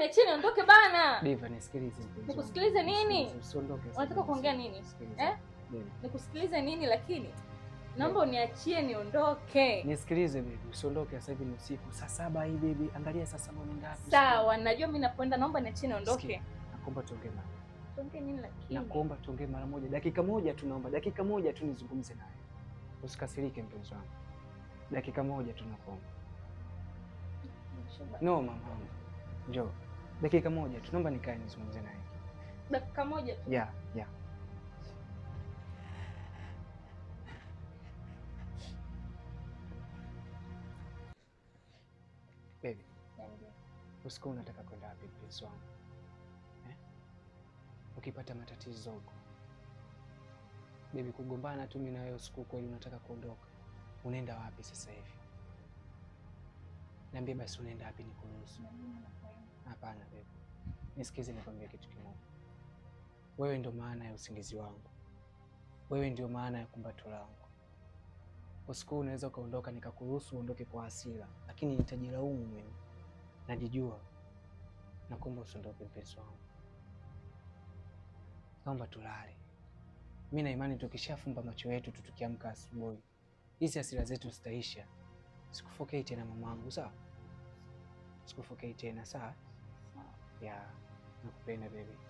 niachie niondoke bana. Diva, nisikilize. Nikusikilize nini? Unataka kuongea nini? Eh? Nikusikilize nini lakini? Naomba uniachie niondoke. Nisikilize bibi, usiondoke sasa hivi ni usiku. Saa saba hii bibi, angalia saa saba ni ngapi? Sawa, najua mimi napoenda naomba niachie niondoke. Nakuomba tuongee mara. Tuongee nini lakini? Nakuomba tuongee mara moja. Dakika moja tu naomba. Dakika moja tu nizungumze naye. Usikasirike mpenzi wangu. Dakika moja tu nakuomba. No mama. Njoo dakika moja tu, naomba nikae nizungumze naye dakika moja tu. Yeah, yeah. Baby, usiku unataka kwenda wapi mpenzi wangu eh? Ukipata matatizo huko baby, kugombana tu mimi na wewe usiku, kweli unataka kuondoka? Unaenda wapi sasa hivi? Niambie basi, unaenda wapi nikuruhusu kuchanganya babe, nisikize nikwambie kitu kimoja. Wewe ndio maana ya usingizi wangu, wewe ndio maana ya kumbato langu. Usiku unaweza ukaondoka, nikakuruhusu uondoke kwa hasira, lakini nitajilaumu mimi. Najijua na usiondoke mpenzi wangu, naomba tulale. Mimi na imani tukishafumba macho yetu tu, tukiamka asubuhi, hizi hasira zetu zitaisha. Sikufokei tena mamangu, sawa? Sikufokei tena, sawa? Yeah, no a baby.